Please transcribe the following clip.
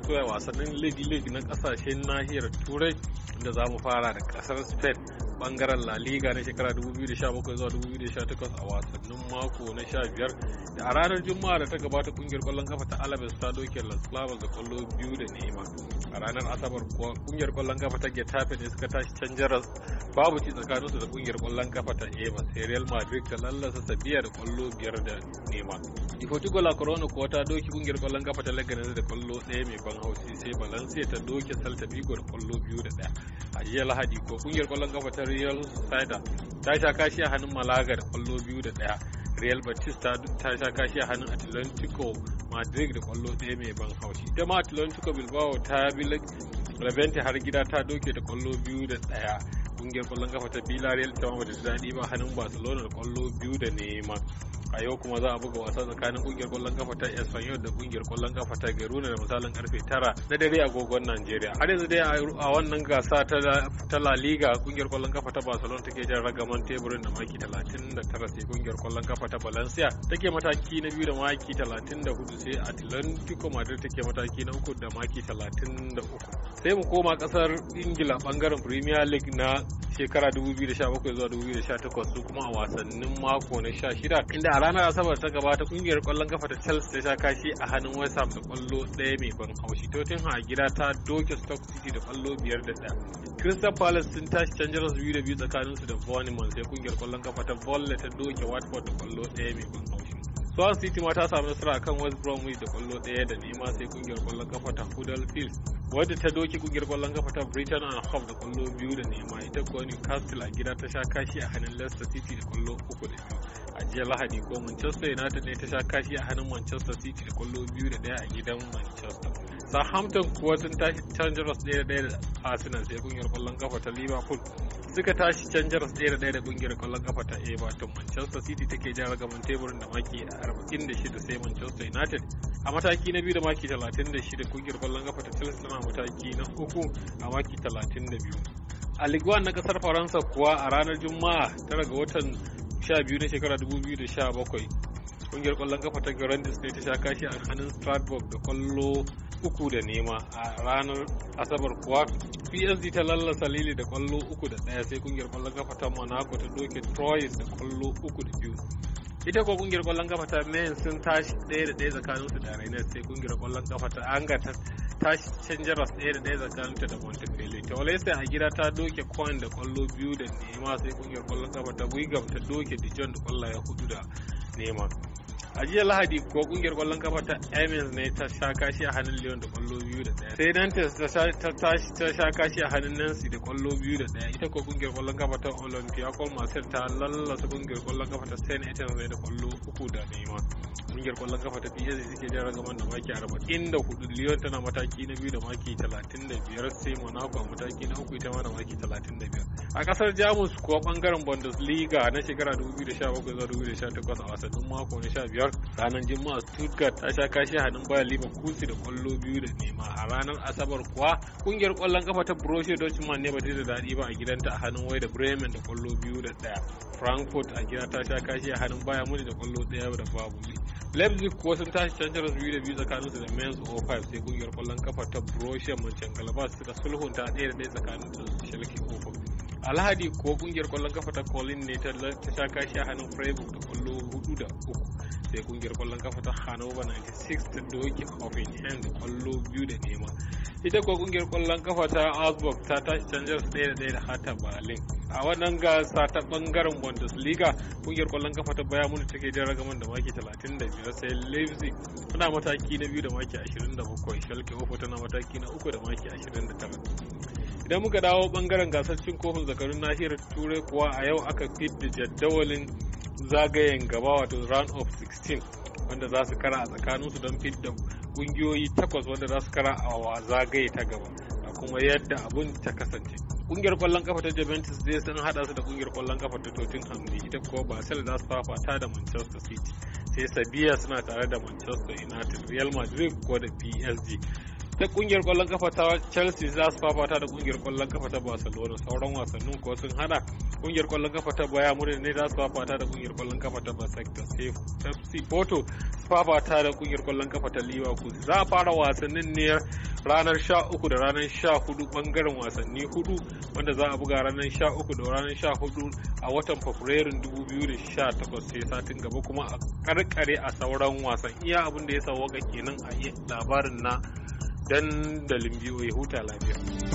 suka toya wasannin league league na kasashen nahiyar turai da za mu fara da kasar spain bangaren La Liga na shekara 2017 zuwa 2018 a wasannin mako na 15 da a ranar Juma'a da ta gabata kungiyar kwallon kafa ta Alaves ta doke Las Flavas da kwallo biyu da nema. A ranar Asabar kuwa kungiyar kwallon kafa ta Getafe ne suka tashi can jaras babu ci tsakanin su da kungiyar kwallon kafa ta Eva sai Real Madrid ta lallasa Sabiya da kwallo biyar da nema. Ifotigo La Corona kuwa ta doke kungiyar kwallon kafa ta Leganes da kwallo ɗaya mai ban haushi sai Valencia ta doke Celta Vigo da kwallo biyu da ɗaya. a lahadi ko kungiyar kwallon kafa ta real sada ta sha kashi a hannun malaga da kwallo biyu da daya real batista ta sha kashi a hannun atlantico madrid da kwallo daya mai ban haushi ita ma atlantico bilbao ta bi rabenta har gida ta doke da kwallo biyu da daya kungiyar kwallon kafa ta villarreal ta ma bata daɗi ba hannun barcelona da kwallo biyu da neman a yau kuma za a buga wasa tsakanin kungiyar kwallon kafa ta espanyol da kungiyar kwallon kafa ta geruna da misalin karfe tara na dare agogon najeriya har yanzu dai a wannan gasa ta la liga kungiyar kwallon kafa ta barcelona take jan ragaman teburin da maki talatin da tara sai kungiyar kwallon kafa ta valencia take mataki na biyu da maki talatin da hudu sai atlantico madrid take mataki na uku da maki talatin da uku sai mu koma kasar ingila bangaren premier league na shekara 2017 zuwa 2018 su kuma a wasannin mako na 16 inda a ranar asabar ta gabata kungiyar kwallon kafa ta Chelsea ta sha kashi a hannun West Ham da kwallo ɗaya mai ban haushi Tottenham a gida ta doke Stoke City da kwallo biyar da ɗaya. Crystal Palace sun tashi canjar su biyu da biyu tsakanin su da Bournemouth sai kungiyar kwallon kafa ta Volley ta doke Watford da kwallo ɗaya mai ban haushi. Swan City ma ta samu nasara kan West Bromwich da kwallo ɗaya da nema sai kungiyar kwallon kafa ta Huddersfield wadda ta doke kungiyar kwallon kafa ta Britain and Hove da kwallo biyu da nema ita kuwa Newcastle a gida ta sha kashi a hannun Leicester City da kwallo uku da biyu a jiya Lahadi ko Manchester United ne ta sha kashi a hannun Manchester City da kwallo biyu da daya a gidan Manchester Southampton kuwa sun tashi Chargers ɗaya da ɗaya da Arsenal sai kungiyar kwallon kafa ta Liverpool suka tashi Chargers ɗaya da ɗaya da kungiyar kwallon kafa ta Everton Manchester City take jan ragaman teburin da maki 46 sai Manchester United a mataki na biyu da maki 36 kungiyar kwallon kafa ta Chelsea a mataki na uku a maki 32 a liguan na kasar faransa kuwa a ranar juma'a tara ga watan 12 na shekara 2017 kungiyar kwallon kafa ta Grandis ne ta sha kashi a hannun Strasbourg da kwallo uku da nema a ranar asabar kuwa psd ta lallasa lili da kwallo uku da daya sai kungiyar kwallon kafa ta monaco ta doke troyes da kwallo uku da biyu ita ko kungiyar kwallon kafa ta mayan sun tashi daya da daya tsakanin su da rainer sai kungiyar kwallon kafa ta anga ta canja ras ɗaya da ɗaya tsakaninta da Montefiore. sai a gida ta doke coin da kwallo biyu da nema sai kungiyar kwallon sama ta Wigan ta doke Dijon da kwallaye hudu da nema. a jiya lahadi ko kungiyar kwallon kafa ta Emirates ne ta sha kashi a hannun Lyon da kwallo biyu da daya sai Nantes ta sha kashi a hannun Nancy da kwallo biyu da daya ita ko kungiyar kwallon kafa ta Olympiacos Marseille ta lallata kungiyar kwallon kafa ta Saint Etienne da kwallo uku da nema kungiyar kwallon kafa ta PSG take jan ragaman da maki hudu Lyon tana mataki na biyu da maki biyar sai Monaco mataki na uku ita ma da maki biyar a kasar Jamus kuwa bangaren Bundesliga na shekara 2017 zuwa 2018 a wasannin mako na 15 ranar juma'a stuttgart ta sha kashi hannun bayan liban kusi da kwallo biyu da nema a ranar asabar kuwa kungiyar kwallon kafa ta borussia dortmund ne ba ta da daɗi ba a gidanta a hannun wai da bremen da kwallo biyu da ɗaya frankfurt a gida ta sha kashi a hannun bayan muni da kwallo ɗaya da babu leipzig kuwa sun tashi su biyu da biyu tsakanin su da mainz 05 sai kungiyar kwallon kafa ta borussia mönchengladbach suka sulhunta ɗaya da ɗaya tsakanin su da alhadi ko kungiyar kwallon kafa ta colin ne ta sha kashi a hannun freiburg da kwallo hudu da uku sai kungiyar kwallon kafa ta hannover 96 ta doki hoffenheim da kwallo biyu da nema ita kuwa kungiyar kwallon kafa ta augsburg ta tashi canjar ɗaya da ɗaya da hata berlin a wannan gasa ta bangaren bundesliga kungiyar kwallon kafa ta bayan muni take da ragaman da maki 35 sai leipzig tana mataki na biyu da maki 27 schalke 0 tana mataki na uku da maki 29 idan muka dawo bangaren gasar cin kofin zakarun nahiyar turai kuwa a yau aka fidda jadawalin zagayen gaba wato round of 16 wanda za su kara a su don fidda kungiyoyi takwas wanda za su kara a zagaye ta gaba da kuma yadda abun ta kasance kungiyar kwallon kafa ta Juventus zai sun hada su da kungiyar kwallon kafa ta Tottenham ne ita kuwa Barcelona za su fafata da Manchester City sai Sabiya suna tare da Manchester United Real Madrid ko da PSG da kungiyar kwallon kafa ta chelsea za su fafata da kungiyar kwallon kafa ta barcelona sauran wasannin kuwa sun hada kungiyar kwallon kafa ta baya Munich ne za su fafata da kungiyar kwallon kafa ta basakta fc porto su fafata da kungiyar kwallon kafa ta liverpool za a fara wasannin ne ranar sha uku da ranar sha hudu bangaren wasanni hudu wanda za a buga ranar sha uku da ranar sha hudu a watan fabrairu dubu biyu da sha takwas sai satin gaba kuma a karkare a sauran wasan iya abin da ya sauwaka kenan a labarin na dandalin biyu ya huta lafiya.